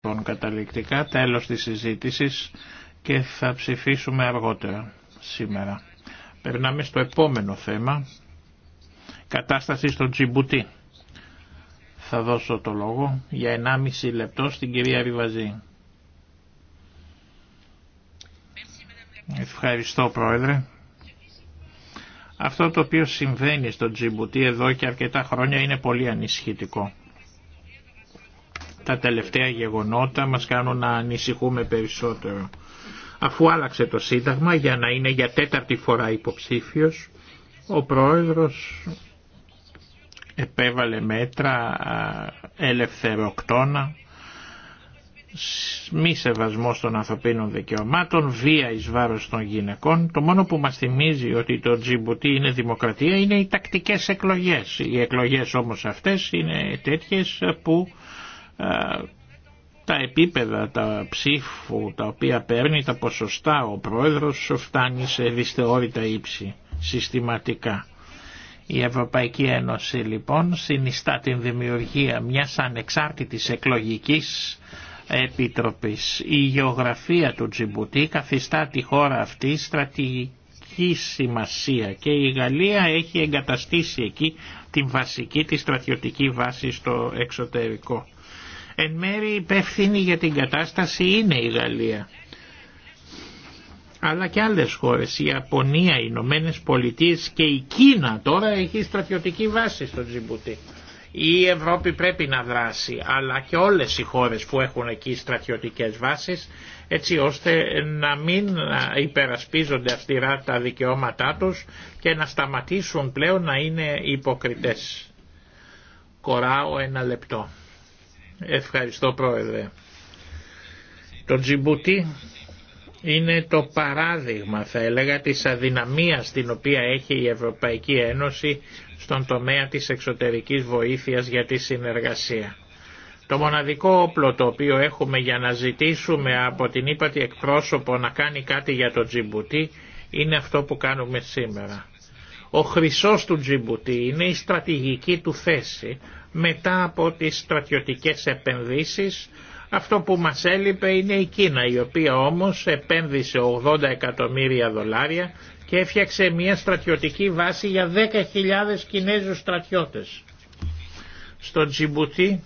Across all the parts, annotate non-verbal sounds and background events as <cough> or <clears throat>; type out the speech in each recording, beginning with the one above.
Λοιπόν, καταληκτικά τέλος της συζήτησης και θα ψηφίσουμε αργότερα σήμερα. Περνάμε στο επόμενο θέμα, κατάσταση στο Τζιμπουτί. Θα δώσω το λόγο για 1,5 λεπτό στην κυρία Ριβαζή. Ευχαριστώ Πρόεδρε. Αυτό το οποίο συμβαίνει στο Τζιμπουτί εδώ και αρκετά χρόνια είναι πολύ ανησυχητικό τα τελευταία γεγονότα μας κάνουν να ανησυχούμε περισσότερο. Αφού άλλαξε το Σύνταγμα για να είναι για τέταρτη φορά υποψήφιος, ο Πρόεδρος επέβαλε μέτρα ελευθεροκτώνα μη σεβασμό των ανθρωπίνων δικαιωμάτων, βία εις βάρος των γυναικών. Το μόνο που μας θυμίζει ότι το Τζιμπουτί είναι δημοκρατία είναι οι τακτικές εκλογές. Οι εκλογές όμως αυτές είναι τέτοιες που ε, τα επίπεδα, τα ψήφου τα οποία παίρνει, τα ποσοστά ο πρόεδρος φτάνει σε δυσθεώρητα ύψη συστηματικά. Η Ευρωπαϊκή Ένωση λοιπόν συνιστά την δημιουργία μιας ανεξάρτητης εκλογικής επιτροπής. Η γεωγραφία του Τζιμπουτή καθιστά τη χώρα αυτή στρατηγική σημασία και η Γαλλία έχει εγκαταστήσει εκεί την βασική της στρατιωτική βάση στο εξωτερικό. Εν μέρη υπεύθυνη για την κατάσταση είναι η Γαλλία αλλά και άλλες χώρες, η Ιαπωνία, οι Ηνωμένε Πολιτείε και η Κίνα τώρα έχει στρατιωτική βάση στο Τζιμπουτί. Η Ευρώπη πρέπει να δράσει, αλλά και όλες οι χώρες που έχουν εκεί στρατιωτικές βάσεις, έτσι ώστε να μην υπερασπίζονται αυστηρά τα δικαιώματά τους και να σταματήσουν πλέον να είναι υποκριτές. Κοράω ένα λεπτό. Ευχαριστώ Πρόεδρε. Το Τζιμπούτι είναι το παράδειγμα θα έλεγα της αδυναμίας την οποία έχει η Ευρωπαϊκή Ένωση στον τομέα της εξωτερικής βοήθειας για τη συνεργασία. Το μοναδικό όπλο το οποίο έχουμε για να ζητήσουμε από την ύπατη εκπρόσωπο να κάνει κάτι για το Τζιμπουτί είναι αυτό που κάνουμε σήμερα. Ο χρυσός του Τζιμπουτί είναι η στρατηγική του θέση μετά από τις στρατιωτικές επενδύσεις. Αυτό που μας έλειπε είναι η Κίνα η οποία όμως επένδυσε 80 εκατομμύρια δολάρια και έφτιαξε μια στρατιωτική βάση για 10.000 Κινέζους στρατιώτες. Στο Τζιμπουτί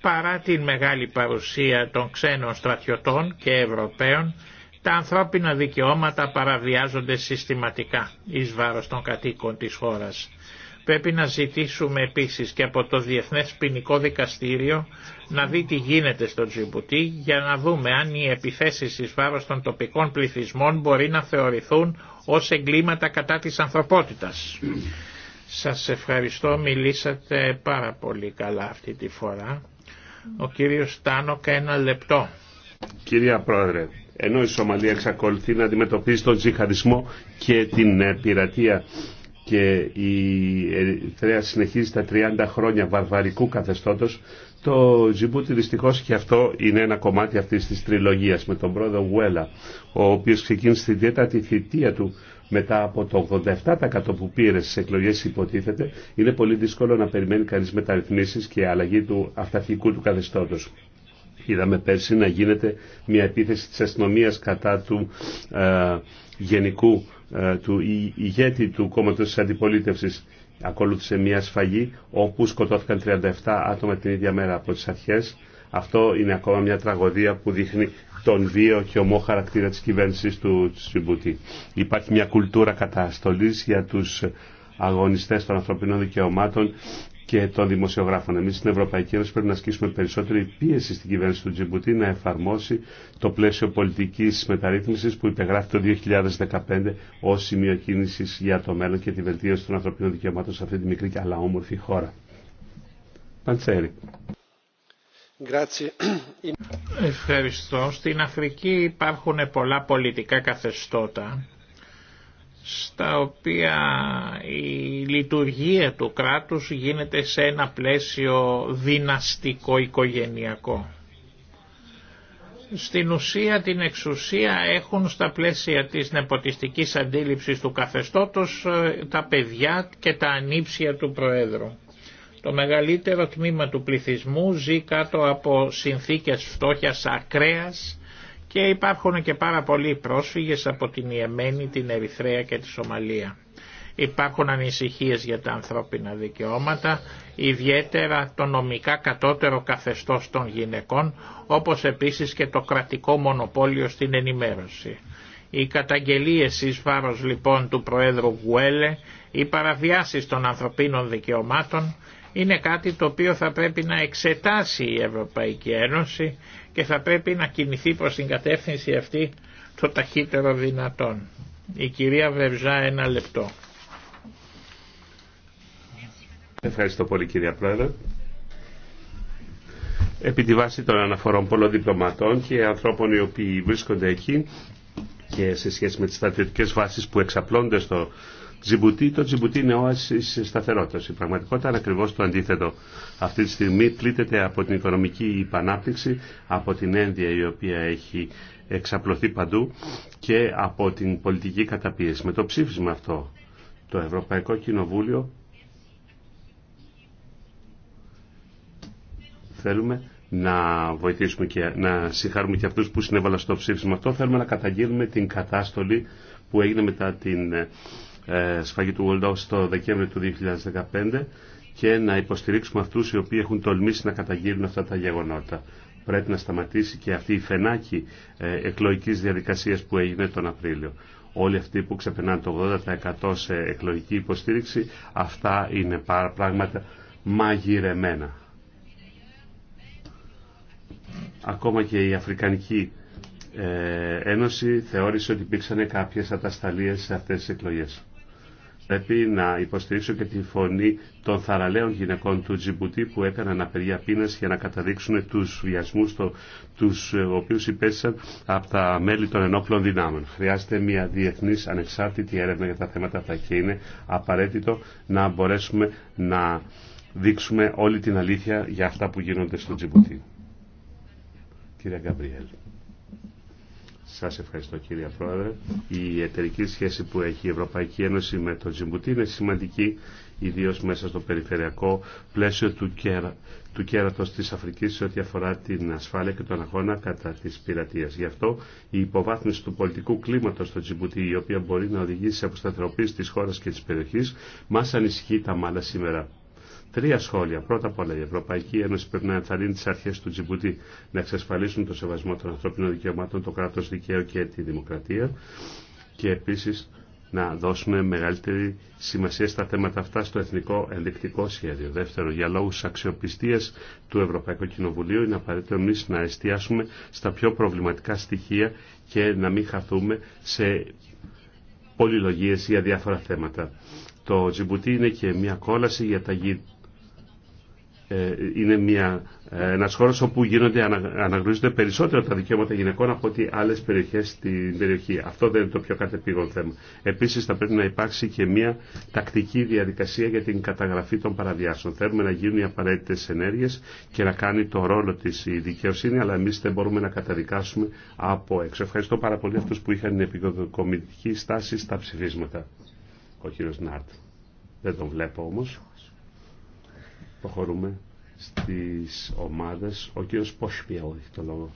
παρά την μεγάλη παρουσία των ξένων στρατιωτών και Ευρωπαίων τα ανθρώπινα δικαιώματα παραβιάζονται συστηματικά εις βάρος των κατοίκων της χώρας. Πρέπει να ζητήσουμε επίσης και από το Διεθνές Ποινικό Δικαστήριο να δει τι γίνεται στο Τζιμπουτί για να δούμε αν οι επιθέσεις εις βάρος των τοπικών πληθυσμών μπορεί να θεωρηθούν ως εγκλήματα κατά της ανθρωπότητας. Σας ευχαριστώ, μιλήσατε πάρα πολύ καλά αυτή τη φορά. Ο κύριος Τάνοκα ένα λεπτό. Κυρία Πρόεδρε, ενώ η Σομαλία εξακολουθεί να αντιμετωπίζει τον τζιχαρισμό και την ε, πειρατεία και η Ερυθρέα συνεχίζει τα 30 χρόνια βαρβαρικού καθεστώτος, το Τζιμπούτι δυστυχώ και αυτό είναι ένα κομμάτι αυτής της τριλογίας με τον πρόεδρο Βουέλα, ο οποίος ξεκίνησε την τέταρτη θητεία του μετά από το 87% που πήρε στις εκλογές υποτίθεται, είναι πολύ δύσκολο να περιμένει κανείς μεταρρυθμίσεις και αλλαγή του αυταρχικού του καθεστώτος είδαμε πέρσι να γίνεται μια επίθεση της αστυνομία κατά του ε, γενικού, ε, του ηγέτη του κόμματος της αντιπολίτευσης. Ακολούθησε μια σφαγή όπου σκοτώθηκαν 37 άτομα την ίδια μέρα από τις αρχές. Αυτό είναι ακόμα μια τραγωδία που δείχνει τον βίο και ομό χαρακτήρα της κυβέρνησης του Τσιμπούτη. Υπάρχει μια κουλτούρα καταστολής για τους αγωνιστές των ανθρωπινών δικαιωμάτων και των δημοσιογράφων. Εμεί στην Ευρωπαϊκή Ένωση πρέπει να ασκήσουμε περισσότερη πίεση στην κυβέρνηση του Τζιμπουτή να εφαρμόσει το πλαίσιο πολιτική μεταρρύθμιση που υπεγράφει το 2015 ω σημείο κίνηση για το μέλλον και τη βελτίωση των ανθρωπίνων δικαιωμάτων σε αυτή τη μικρή αλλά όμορφη χώρα. Παντσέρη. Ευχαριστώ. Στην Αφρική υπάρχουν πολλά πολιτικά καθεστώτα στα οποία η λειτουργία του κράτους γίνεται σε ένα πλαίσιο δυναστικό-οικογενειακό. Στην ουσία την εξουσία έχουν στα πλαίσια της νεποτιστικής αντίληψης του καθεστώτος ε, τα παιδιά και τα ανήψια του Προέδρου. Το μεγαλύτερο τμήμα του πληθυσμού ζει κάτω από συνθήκες φτώχειας ακραίας και υπάρχουν και πάρα πολλοί πρόσφυγες από την Ιεμένη, την Ερυθρέα και τη Σομαλία. Υπάρχουν ανησυχίες για τα ανθρώπινα δικαιώματα, ιδιαίτερα το νομικά κατώτερο καθεστώς των γυναικών, όπως επίσης και το κρατικό μονοπόλιο στην ενημέρωση. Οι καταγγελίες εις βάρος λοιπόν του Προέδρου Γουέλε, οι παραβιάσεις των ανθρωπίνων δικαιωμάτων είναι κάτι το οποίο θα πρέπει να εξετάσει η Ευρωπαϊκή Ένωση και θα πρέπει να κινηθεί προς την κατεύθυνση αυτή το ταχύτερο δυνατόν. Η κυρία Βευζά ένα λεπτό. Ευχαριστώ πολύ κυρία Πρόεδρε. Επί τη βάση των αναφορών πολλών διπλωματών και ανθρώπων οι οποίοι βρίσκονται εκεί και σε σχέση με τις στρατιωτικές βάσεις που εξαπλώνται στο Τζιμπουτί. Το Τζιμπουτί είναι όαση σταθερότητα. Η πραγματικότητα είναι ακριβώ το αντίθετο. Αυτή τη στιγμή πλήττεται από την οικονομική υπανάπτυξη, από την ένδια η οποία έχει εξαπλωθεί παντού και από την πολιτική καταπίεση. Με το ψήφισμα αυτό το Ευρωπαϊκό Κοινοβούλιο θέλουμε να βοηθήσουμε και να συγχαρούμε και αυτούς που συνέβαλαν στο ψήφισμα αυτό. Θέλουμε να καταγγείλουμε την κατάστολη που έγινε μετά την ε, ε, σφαγή του World στο το Δεκέμβριο του 2015 και να υποστηρίξουμε αυτούς οι οποίοι έχουν τολμήσει να καταγγείλουν αυτά τα γεγονότα. Πρέπει να σταματήσει και αυτή η φενάκη ε, εκλογικής διαδικασίας που έγινε τον Απρίλιο. Όλοι αυτοί που ξεπερνάνε το 80% σε εκλογική υποστήριξη, αυτά είναι πράγματα μαγειρεμένα. Ακόμα και η Αφρικανική ε, Ένωση θεώρησε ότι υπήρξαν κάποιες ατασταλίες σε αυτές τις εκλογές. Πρέπει να υποστηρίξω και τη φωνή των θαραλέων γυναικών του Τζιμπουτή που έκαναν απεργία πείνα για να καταδείξουν του βιασμού το, του ε, οποίου υπέστησαν από τα μέλη των ενόπλων δυνάμεων. Χρειάζεται μια διεθνή ανεξάρτητη έρευνα για τα θέματα αυτά και είναι απαραίτητο να μπορέσουμε να δείξουμε όλη την αλήθεια για αυτά που γίνονται στο Τζιμπουτή. Κύριε Γκαμπριέλ. Σας ευχαριστώ κύριε Πρόεδρε. Η εταιρική σχέση που έχει η Ευρωπαϊκή Ένωση με το Τζιμπουτί είναι σημαντική ιδίως μέσα στο περιφερειακό πλαίσιο του, κέρα, του κέρατος της Αφρικής σε ό,τι αφορά την ασφάλεια και τον αγώνα κατά της πειρατείας. Γι' αυτό η υποβάθμιση του πολιτικού κλίματος στο Τζιμπουτί, η οποία μπορεί να οδηγήσει σε αποσταθεροποίηση της χώρας και της περιοχής, μας ανησυχεί τα μάλα σήμερα. Τρία σχόλια. Πρώτα απ' όλα, η Ευρωπαϊκή Ένωση πρέπει να ενθαρρύνει τι αρχέ του Τζιμπουτή να εξασφαλίσουν το σεβασμό των ανθρωπίνων δικαιωμάτων, το κράτο δικαίου και τη δημοκρατία. Και επίση να δώσουμε μεγαλύτερη σημασία στα θέματα αυτά στο εθνικό ενδεικτικό σχέδιο. Δεύτερο, για λόγου αξιοπιστία του Ευρωπαϊκού Κοινοβουλίου είναι απαραίτητο εμεί να εστιάσουμε στα πιο προβληματικά στοιχεία και να μην χαθούμε σε πολυλογίε για διάφορα θέματα. Το Τζιμπουτί είναι και μια κόλαση για τα ε, είναι μια, ε, ένας χώρος όπου γίνονται, αναγνωρίζονται περισσότερο τα δικαιώματα γυναικών από ότι άλλες περιοχές στην περιοχή. Αυτό δεν είναι το πιο κατεπήγον θέμα. Επίσης θα πρέπει να υπάρξει και μια τακτική διαδικασία για την καταγραφή των παραβιάσεων. Θέλουμε να γίνουν οι απαραίτητες ενέργειες και να κάνει το ρόλο της η δικαιοσύνη, αλλά εμείς δεν μπορούμε να καταδικάσουμε από έξω. Ευχαριστώ πάρα πολύ αυτούς που είχαν την επικοδομητική στάση στα ψηφίσματα. Ο κύριος Νάρτ. Δεν τον βλέπω όμως. Προχωρούμε στις ομάδες. Ο κύριος Πόσπιελ έχει το λόγο.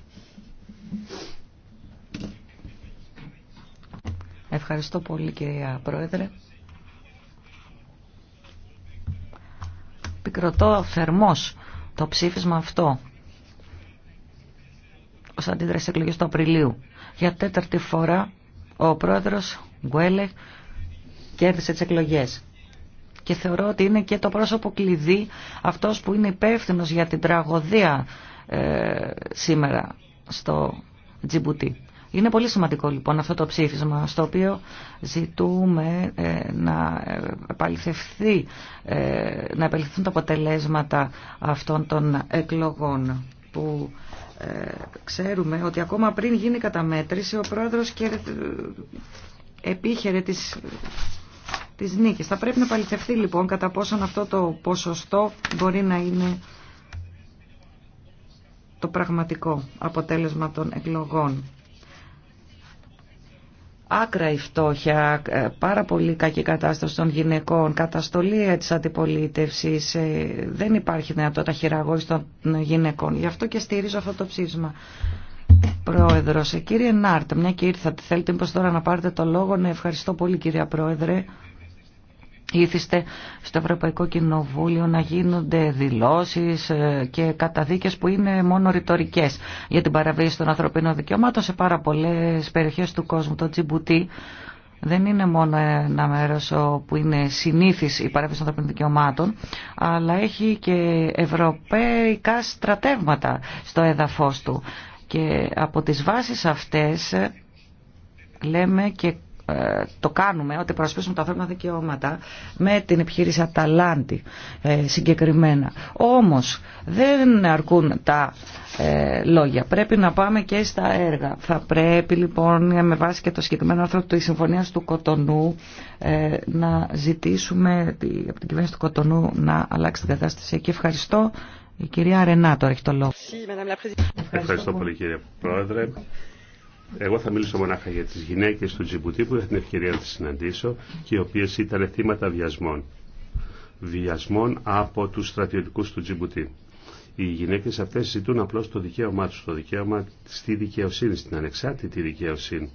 Ευχαριστώ πολύ κυρία Πρόεδρε. Πικροτώ θερμός το ψήφισμα αυτό ως αντίδραση εκλογής του Απριλίου. Για τέταρτη φορά ο πρόεδρος Γκουέλε κέρδισε τις εκλογές και θεωρώ ότι είναι και το πρόσωπο κλειδί αυτός που είναι υπεύθυνο για την τραγωδία ε, σήμερα στο Τζιμπουτί. Είναι πολύ σημαντικό λοιπόν αυτό το ψήφισμα στο οποίο ζητούμε ε, να επαληθευθεί, ε, να επαληθευθούν τα αποτελέσματα αυτών των εκλογών που ξέρουμε ότι ακόμα πριν γίνει καταμέτρηση ο πρόεδρος και επίχερε τις της νίκης. Θα πρέπει να παληθευτεί λοιπόν κατά πόσον αυτό το ποσοστό μπορεί να είναι το πραγματικό αποτέλεσμα των εκλογών. Άκρα η φτώχεια, ε, πάρα πολύ κακή κατάσταση των γυναικών, καταστολή ε, της αντιπολίτευσης, ε, δεν υπάρχει δυνατότητα χειραγώγηση των γυναικών. Γι' αυτό και στηρίζω αυτό το ψήφισμα. Πρόεδρος, κύριε Νάρτ, μια και ήρθατε, θέλετε μήπως τώρα να πάρετε το λόγο, να ευχαριστώ πολύ κυρία Πρόεδρε ήθιστε στο Ευρωπαϊκό Κοινοβούλιο να γίνονται δηλώσεις ε, και καταδίκες που είναι μόνο ρητορικέ για την παραβίαση των ανθρωπίνων δικαιωμάτων σε πάρα πολλές περιοχές του κόσμου. Το Τζιμπουτί δεν είναι μόνο ένα μέρος που είναι συνήθις η παραβίαση των ανθρωπίνων δικαιωμάτων, αλλά έχει και ευρωπαϊκά στρατεύματα στο έδαφος του. Και από τις βάσεις αυτές ε, λέμε και ε, το κάνουμε, ότι προσπίσουμε τα ανθρώπινα δικαιώματα με την επιχείρηση Αταλάντη ε, συγκεκριμένα. Όμως δεν αρκούν τα ε, λόγια. Πρέπει να πάμε και στα έργα. Θα πρέπει λοιπόν με βάση και το συγκεκριμένο άρθρο της Συμφωνίας του Κοτονού να ζητήσουμε από την κυβέρνηση του Κοτονού να αλλάξει την κατάσταση. Και ευχαριστώ. Η κυρία Ρενά τώρα έχει το λόγο. Ευχαριστώ πολύ κύριε Πρόεδρε. Εγώ θα μιλήσω μονάχα για τις γυναίκες του Τζιμπουτί που είχα την ευκαιρία να τις συναντήσω και οι οποίες ήταν θύματα βιασμών. Βιασμών από τους στρατιωτικούς του Τζιμπουτί. Οι γυναίκες αυτές ζητούν απλώς το δικαίωμά τους, το δικαίωμα στη δικαιοσύνη, στην ανεξάρτητη δικαιοσύνη.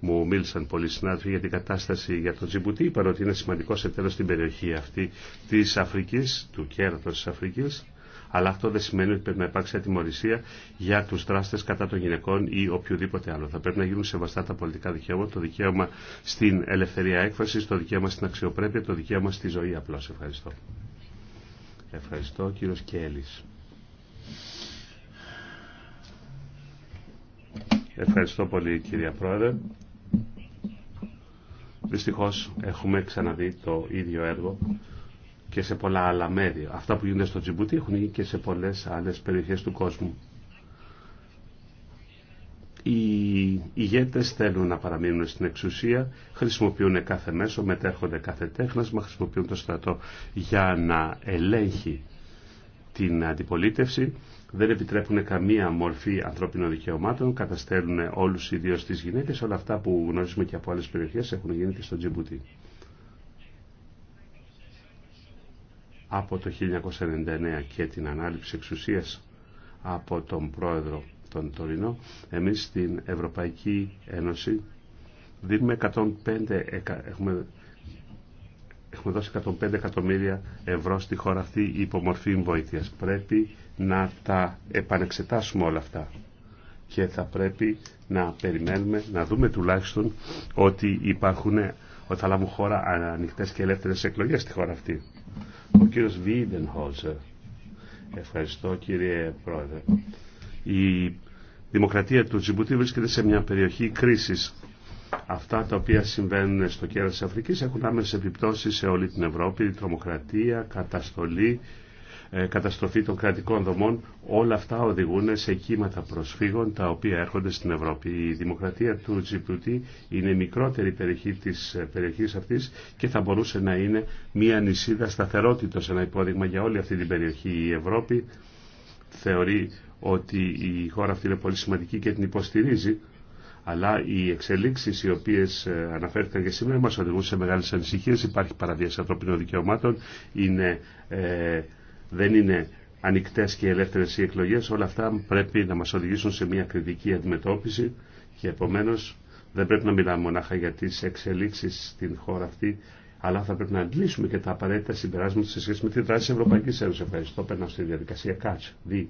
Μου μίλησαν πολλοί συνάδελφοι για την κατάσταση για το Τζιμπουτί, παρότι είναι σημαντικό εταίρο στην περιοχή αυτή της Αφρικής, του κέρατος της Αφρικής αλλά αυτό δεν σημαίνει ότι πρέπει να υπάρξει ατιμορρησία για του δράστε κατά των γυναικών ή οποιοδήποτε άλλο. Θα πρέπει να γίνουν σεβαστά τα πολιτικά δικαιώματα, το δικαίωμα στην ελευθερία έκφραση, το δικαίωμα στην αξιοπρέπεια, το δικαίωμα στη ζωή απλώ. Ευχαριστώ. Ευχαριστώ κύριο Κέλλη. Ευχαριστώ πολύ κυρία Πρόεδρε. Δυστυχώς έχουμε ξαναδεί το ίδιο έργο και σε πολλά άλλα μέρη. Αυτά που γίνονται στο Τζιμπούτι έχουν γίνει και σε πολλές άλλες περιοχές του κόσμου. Οι ηγέτες θέλουν να παραμείνουν στην εξουσία, χρησιμοποιούν κάθε μέσο, μετέρχονται κάθε τέχνασμα, χρησιμοποιούν το στρατό για να ελέγχει την αντιπολίτευση, δεν επιτρέπουν καμία μορφή ανθρώπινων δικαιωμάτων, καταστέλνουν όλους ιδίως τις γυναίκες, όλα αυτά που γνωρίζουμε και από άλλες περιοχές έχουν γίνει και στο Τζιμπούτι. από το 1999 και την ανάληψη εξουσίας από τον πρόεδρο τον Τωρινό, εμείς στην Ευρωπαϊκή Ένωση δίνουμε 105, έχουμε, έχουμε δώσει 105 εκατομμύρια ευρώ στη χώρα αυτή υπό μορφή βοήθειας. Πρέπει να τα επανεξετάσουμε όλα αυτά και θα πρέπει να περιμένουμε, να δούμε τουλάχιστον ότι υπάρχουν, ότι θα λάβουν χώρα ανοιχτές και ελεύθερες εκλογές στη χώρα αυτή. Ο κύριος Ευχαριστώ κύριε Πρόεδρε. Η δημοκρατία του Τζιμπουτή βρίσκεται σε μια περιοχή κρίσης. Αυτά τα οποία συμβαίνουν στο κέρας της Αφρικής έχουν άμεσες επιπτώσεις σε όλη την Ευρώπη. Η τρομοκρατία, καταστολή, ε, καταστροφή των κρατικών δομών, όλα αυτά οδηγούν σε κύματα προσφύγων τα οποία έρχονται στην Ευρώπη. Η δημοκρατία του Τζιπλουτή είναι η μικρότερη περιοχή της ε, περιοχής αυτής και θα μπορούσε να είναι μια νησίδα σταθερότητος, ένα υπόδειγμα για όλη αυτή την περιοχή. Η Ευρώπη θεωρεί ότι η χώρα αυτή είναι πολύ σημαντική και την υποστηρίζει αλλά οι εξελίξει οι οποίε ε, αναφέρθηκαν και σήμερα μα οδηγούν σε μεγάλε ανησυχίε. Υπάρχει παραβίαση ανθρωπίνων δικαιωμάτων, είναι δεν είναι ανοιχτέ και ελεύθερε οι εκλογέ, όλα αυτά πρέπει να μα οδηγήσουν σε μια κριτική αντιμετώπιση και επομένω δεν πρέπει να μιλάμε μονάχα για τι εξελίξει στην χώρα αυτή, αλλά θα πρέπει να αντλήσουμε και τα απαραίτητα συμπεράσματα σε σχέση με τη δράση τη Ευρωπαϊκή Ένωση. Ευχαριστώ. Περνάω στη διαδικασία Catch the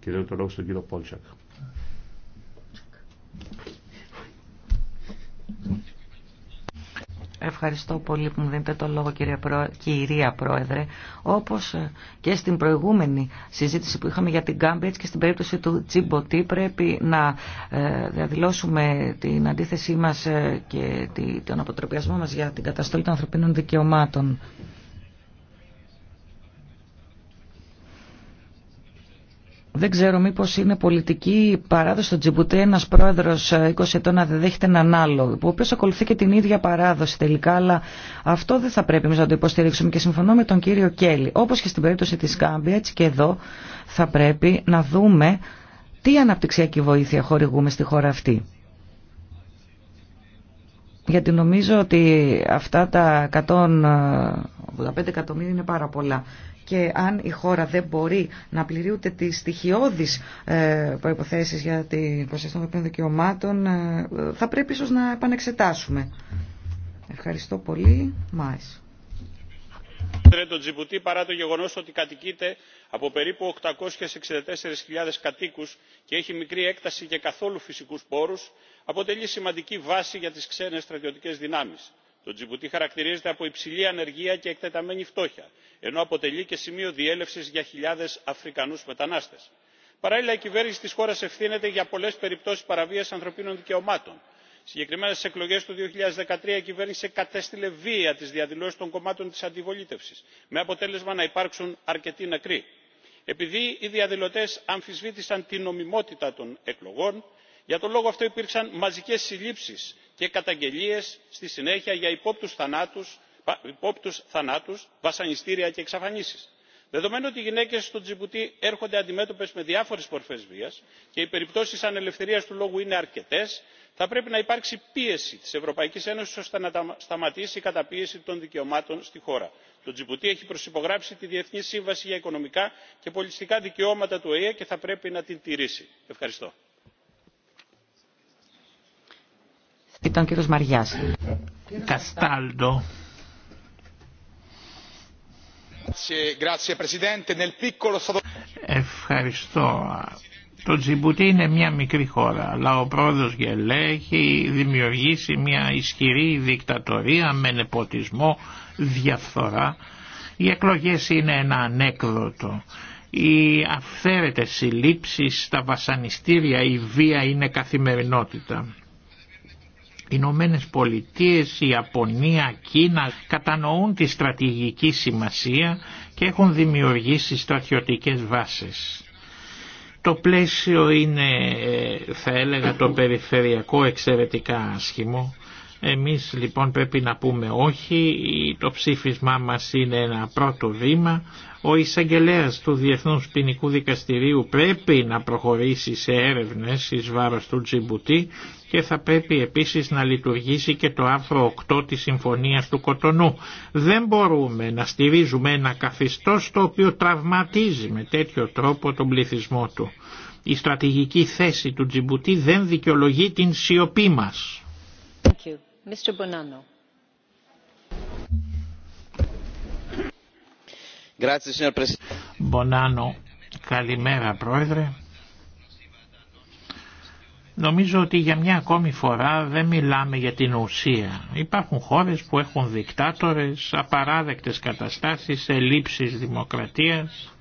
Και δίνω το λόγο στον κύριο Πόλτσακ. Ευχαριστώ πολύ που μου δίνετε το λόγο κυρία Πρόεδρε. Όπως ε, και στην προηγούμενη συζήτηση που είχαμε για την Κάμπη, και στην περίπτωση του Τσιμποτή πρέπει να ε, διαδηλώσουμε την αντίθεσή μας ε, και τον αποτροπιασμό μας για την καταστολή των ανθρωπίνων δικαιωμάτων. Δεν ξέρω μήπως είναι πολιτική παράδοση στο Τζιμπουτέ ένας πρόεδρος 20 ε, ετών να δέχεται έναν άλλο, ο οποίος ακολουθεί και την ίδια παράδοση τελικά, αλλά αυτό δεν θα πρέπει εμείς να το υποστηρίξουμε και συμφωνώ με τον κύριο Κέλλη. Όπως και στην περίπτωση της Κάμπια, έτσι και εδώ θα πρέπει να δούμε τι αναπτυξιακή βοήθεια χορηγούμε στη χώρα αυτή γιατί νομίζω ότι αυτά τα 185 ε, εκατομμύρια είναι πάρα πολλά και αν η χώρα δεν μπορεί να πληρεί ούτε τις στοιχειώδεις ε, προϋποθέσεις για την προστασία των δικαιωμάτων ε, θα πρέπει ίσως να επανεξετάσουμε. Ευχαριστώ πολύ. Μάης. Το Τζιμπουτί παρά το γεγονός ότι κατοικείται από περίπου 864.000 κατοίκους και έχει μικρή έκταση και καθόλου φυσικούς πόρους αποτελεί σημαντική βάση για τις ξένες στρατιωτικές δυνάμεις το τζιμπουτί χαρακτηρίζεται από υψηλή ανεργία και εκτεταμένη φτώχεια ενώ αποτελεί και σημείο διέλευσης για χιλιάδες αφρικανούς μετανάστες. παράλληλα η κυβέρνηση της χώρας ευθύνεται για πολλές περιπτώσεις παραβίασης ανθρωπίνων δικαιωμάτων. συγκεκριμένα στις εκλογές του 2013 η κυβέρνηση κατέστηλε βία τις διαδηλώσεις των κομμάτων της αντιπολίτευσης με αποτέλεσμα να υπάρξουν αρκετοί νεκροί. επειδή οι διαδηλωτές αμφισβήτησαν την νομιμότητα των εκλογών για τον λόγο αυτό υπήρξαν μαζικές συλλήψεις και καταγγελίες στη συνέχεια για υπόπτους θανάτους βασανιστήρια και εξαφανίσεις. δεδομένου ότι οι γυναίκες στο τζιμπούτι έρχονται αντιμέτωπες με διάφορες μορφές βίας και οι περιπτώσεις ανελευθερίας του λόγου είναι αρκετές θα πρέπει να υπάρξει πίεση της ευρωπαϊκής ένωσης ώστε να σταματήσει η καταπίεση των δικαιωμάτων στη χώρα. το τζιμπούτι έχει προσυπογράψει τη διεθνή σύμβαση για οικονομικά και πολιτιστικά δικαιώματα του οηε και θα πρέπει να την τηρήσει. ευχαριστώ. Ήταν ο Καστάλντο. Ευχαριστώ. Το Τζιμπουτί είναι μια μικρή χώρα, αλλά ο πρόεδρος Γελέ έχει δημιουργήσει μια ισχυρή δικτατορία με νεποτισμό, διαφθορά. Οι εκλογές είναι ένα ανέκδοτο. Οι αυθαίρετες συλλήψεις, τα βασανιστήρια, η βία είναι καθημερινότητα. Ηνωμένε Πολιτείε, Ιαπωνία, Κίνα κατανοούν τη στρατηγική σημασία και έχουν δημιουργήσει στρατιωτικές βάσεις. Το πλαίσιο είναι ε, θα έλεγα το περιφερειακό εξαιρετικά άσχημο εμείς λοιπόν πρέπει να πούμε όχι, το ψήφισμά μας είναι ένα πρώτο βήμα. Ο εισαγγελέα του Διεθνούς Ποινικού Δικαστηρίου πρέπει να προχωρήσει σε έρευνες εις βάρος του Τζιμπουτή και θα πρέπει επίσης να λειτουργήσει και το άρθρο 8 της Συμφωνίας του Κοτονού. Δεν μπορούμε να στηρίζουμε ένα καθιστό το οποίο τραυματίζει με τέτοιο τρόπο τον πληθυσμό του. Η στρατηγική θέση του Τζιμπουτή δεν δικαιολογεί την σιωπή μας. Καλημέρα Πρόεδρε. Νομίζω ότι για μια ακόμη φορά δεν μιλάμε για την ουσία. Υπάρχουν χώρες που έχουν δικτάτορες, απαράδεκτες καταστάσεις, ελλείψεις δημοκρατίας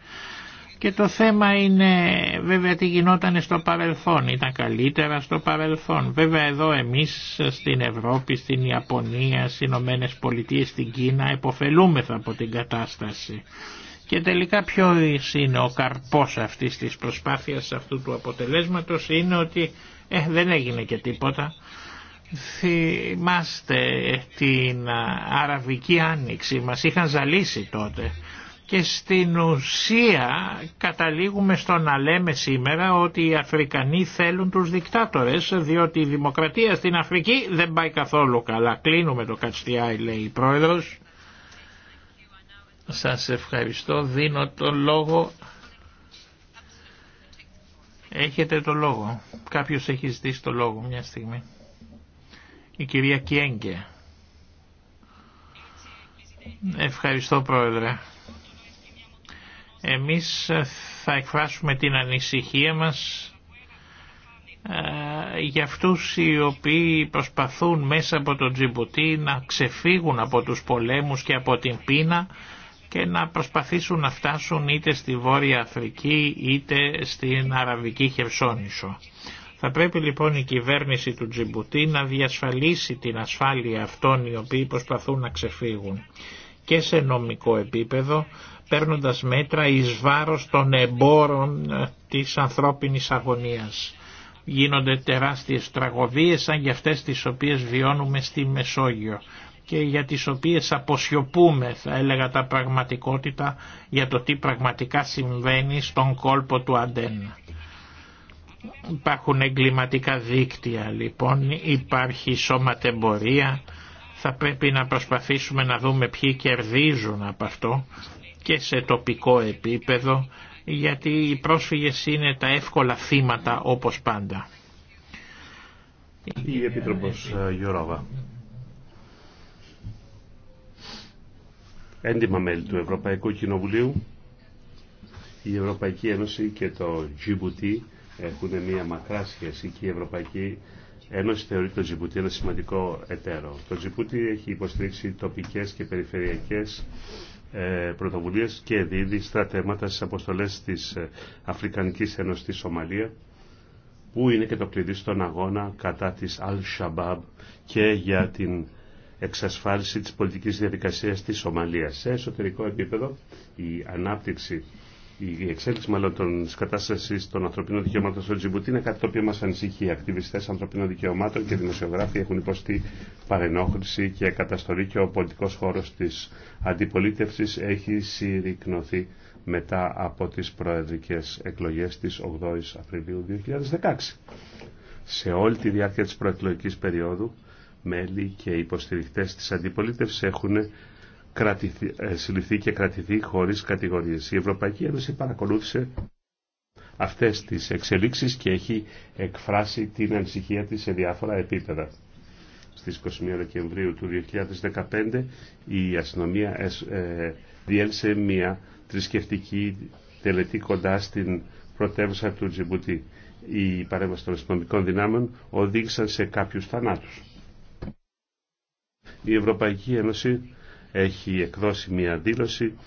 και το θέμα είναι βέβαια τι γινόταν στο παρελθόν, ήταν καλύτερα στο παρελθόν. Βέβαια εδώ εμείς στην Ευρώπη, στην Ιαπωνία, στις Ηνωμένες Πολιτείες, στην Κίνα εποφελούμεθα από την κατάσταση. Και τελικά ποιο είναι ο καρπός αυτής της προσπάθειας αυτού του αποτελέσματος είναι ότι ε, δεν έγινε και τίποτα. Θυμάστε την Αραβική Άνοιξη, μας είχαν ζαλίσει τότε και στην ουσία καταλήγουμε στο να λέμε σήμερα ότι οι Αφρικανοί θέλουν τους δικτάτορες διότι η δημοκρατία στην Αφρική δεν πάει καθόλου καλά. Κλείνουμε το Κατστιάι λέει η πρόεδρος. Σας ευχαριστώ. Δίνω το λόγο. Έχετε το λόγο. Κάποιος έχει ζητήσει το λόγο μια στιγμή. Η κυρία Κιέγκε. Ευχαριστώ πρόεδρε. Εμείς ε, θα εκφράσουμε την ανησυχία μας ε, για αυτούς οι οποίοι προσπαθούν μέσα από τον Τζιμπουτί να ξεφύγουν από τους πολέμους και από την πείνα και να προσπαθήσουν να φτάσουν είτε στη Βόρεια Αφρική είτε στην Αραβική Χερσόνησο. Θα πρέπει λοιπόν η κυβέρνηση του Τζιμπουτί να διασφαλίσει την ασφάλεια αυτών οι οποίοι προσπαθούν να ξεφύγουν και σε νομικό επίπεδο παίρνοντας μέτρα εις βάρος των εμπόρων ε, της ανθρώπινης αγωνίας. Γίνονται τεράστιες τραγωδίες σαν για αυτές τις οποίες βιώνουμε στη Μεσόγειο και για τις οποίες αποσιωπούμε θα έλεγα τα πραγματικότητα για το τι πραγματικά συμβαίνει στον κόλπο του Αντένα. Υπάρχουν εγκληματικά δίκτυα λοιπόν, υπάρχει σώματεμπορία, θα πρέπει να προσπαθήσουμε να δούμε ποιοι κερδίζουν από αυτό και σε τοπικό επίπεδο γιατί οι πρόσφυγες είναι τα εύκολα θύματα όπως πάντα. Η Επίτροπος ε, Γιώραβα. Έντιμα μέλη του Ευρωπαϊκού Κοινοβουλίου, η Ευρωπαϊκή Ένωση και το Τζιμπούτι έχουν μια μακρά σχέση και Ευρωπαϊκή Ένωση θεωρεί το Τζιμπούτι ένα σημαντικό εταίρο. Το Τζιμπούτι έχει υποστηρίξει τοπικές και περιφερειακές ε, πρωτοβουλίες και δίδει στα θέματα αποστολέ αποστολές της ε, Αφρικανικής Ένωσης στη Σομαλία που είναι και το κλειδί στον αγώνα κατά της Al-Shabaab και για την εξασφάλιση της πολιτικής διαδικασίας της Σομαλίας. Σε εσωτερικό επίπεδο η ανάπτυξη η εξέλιξη μάλλον των κατάσταση των ανθρωπίνων δικαιωμάτων στο Τζιμπουτί είναι κάτι το οποίο μα ανησυχεί. Οι ακτιβιστέ ανθρωπίνων δικαιωμάτων και δημοσιογράφοι έχουν υποστεί παρενόχληση και καταστολή και ο πολιτικό χώρο τη αντιπολίτευση έχει συρρυκνωθεί μετά από τι προεδρικέ εκλογέ τη 8η Απριλίου 2016. Σε όλη τη διάρκεια τη προεκλογική περίοδου, μέλη και υποστηριχτέ τη αντιπολίτευση έχουν κρατηθεί, ε, συλληφθεί και κρατηθεί χωρίς κατηγορίες. Η Ευρωπαϊκή Ένωση παρακολούθησε αυτές τις εξελίξεις και έχει εκφράσει την ανησυχία της σε διάφορα επίπεδα. Στις 21 Δεκεμβρίου του 2015 η αστυνομία ε, διέλυσε μια θρησκευτική τελετή κοντά στην πρωτεύουσα του Τζιμπουτή. Η παρέμβαση των αστυνομικών δυνάμεων οδήγησαν σε κάποιους θανάτους. Η Ευρωπαϊκή Ένωση έχει εκδώσει μια δήλωση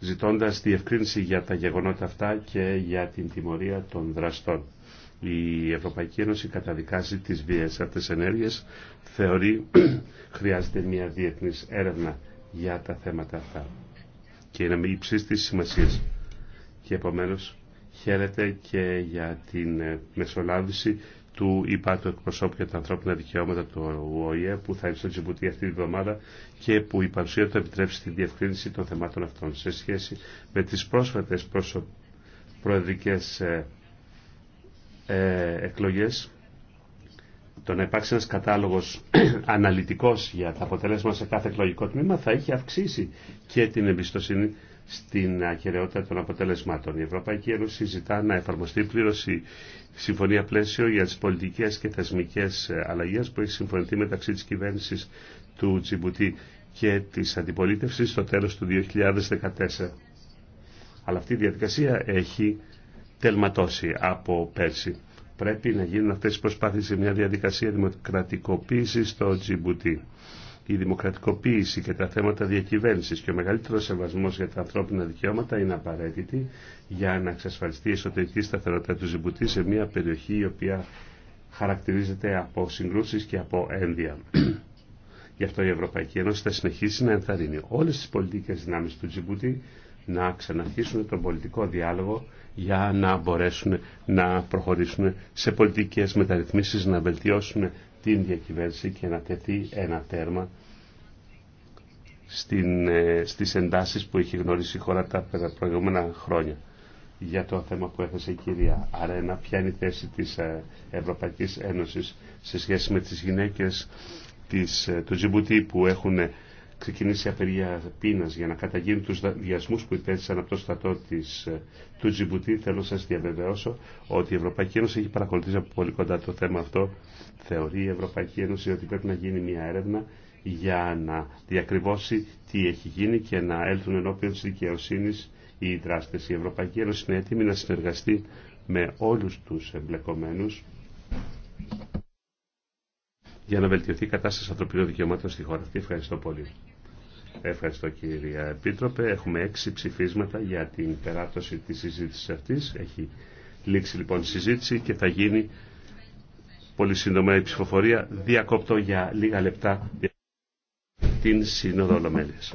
ζητώντας διευκρίνηση για τα γεγονότα αυτά και για την τιμωρία των δραστών. Η Ευρωπαϊκή Ένωση καταδικάζει τις βίες αυτές ενέργειες, θεωρεί <clears throat> χρειάζεται μια διεθνής έρευνα για τα θέματα αυτά και είναι υψής της σημασίας. Και επομένως χαίρεται και για την ε, μεσολάβηση του υπάτου του εκπροσώπου για τα ανθρώπινα δικαιώματα του ΟΗΕ που θα είναι στο Τζιμπουτή αυτή τη βδομάδα και που η παρουσία του επιτρέψει τη διευκρίνηση των θεμάτων αυτών σε σχέση με τις πρόσφατες προεδρικέ προεδρικές ε, ε, εκλογές το να υπάρξει ένας κατάλογος <clears throat> αναλυτικός για τα αποτελέσματα σε κάθε εκλογικό τμήμα θα είχε αυξήσει και την εμπιστοσύνη στην ακεραιότητα των αποτελεσμάτων. Η Ευρωπαϊκή Ένωση ζητά να εφαρμοστεί πλήρω η συμφωνία πλαίσιο για τι πολιτικέ και θεσμικέ αλλαγέ που έχει συμφωνηθεί μεταξύ τη κυβέρνηση του Τζιμπουτή και τη αντιπολίτευση στο τέλο του 2014. Αλλά αυτή η διαδικασία έχει τελματώσει από πέρσι. Πρέπει να γίνουν αυτές οι προσπάθειες σε μια διαδικασία δημοκρατικοποίησης στο Τζιμπουτή η δημοκρατικοποίηση και τα θέματα διακυβέρνησης και ο μεγαλύτερος σεβασμός για τα ανθρώπινα δικαιώματα είναι απαραίτητη για να εξασφαλιστεί η εσωτερική σταθερότητα του Ζιμπουτή σε μια περιοχή η οποία χαρακτηρίζεται από συγκρούσεις και από ένδια. Γι' αυτό η Ευρωπαϊκή Ένωση θα συνεχίσει να ενθαρρύνει όλες τις πολιτικές δυνάμεις του Τζιμπούτι να ξαναρχίσουν τον πολιτικό διάλογο για να μπορέσουν να προχωρήσουν σε πολιτικές μεταρρυθμίσεις, να βελτιώσουν την διακυβέρνηση και να τεθεί ένα τέρμα στην, ε, στις εντάσεις που έχει γνωρίσει η χώρα τα προηγούμενα χρόνια. Για το θέμα που έθεσε η κυρία Αρένα, ποια είναι η θέση της ε, Ευρωπαϊκής Ένωσης σε σχέση με τις γυναίκες της, ε, του Τζιμπουτή που έχουν ξεκινήσει απεργία πείνα για να καταγίνουν του διασμού που υπέστησαν από το στρατό της, του Τζιμπουτή. Θέλω να σα διαβεβαιώσω ότι η Ευρωπαϊκή Ένωση έχει παρακολουθήσει από πολύ κοντά το θέμα αυτό θεωρεί η Ευρωπαϊκή Ένωση ότι πρέπει να γίνει μια έρευνα για να διακριβώσει τι έχει γίνει και να έλθουν ενώπιον της δικαιοσύνης οι δράστες. Η Ευρωπαϊκή Ένωση είναι έτοιμη να συνεργαστεί με όλους τους εμπλεκομένους για να βελτιωθεί η κατάσταση ανθρωπίνων δικαιωμάτων στη χώρα αυτή. Ευχαριστώ πολύ. Ευχαριστώ κύριε Επίτροπε. Έχουμε έξι ψηφίσματα για την περάτωση της συζήτησης αυτής. Έχει λήξει λοιπόν η συζήτηση και θα γίνει Πολύ σύντομα η ψηφοφορία. Διακόπτω για λίγα λεπτά την Σύνοδο Ολομέλειας.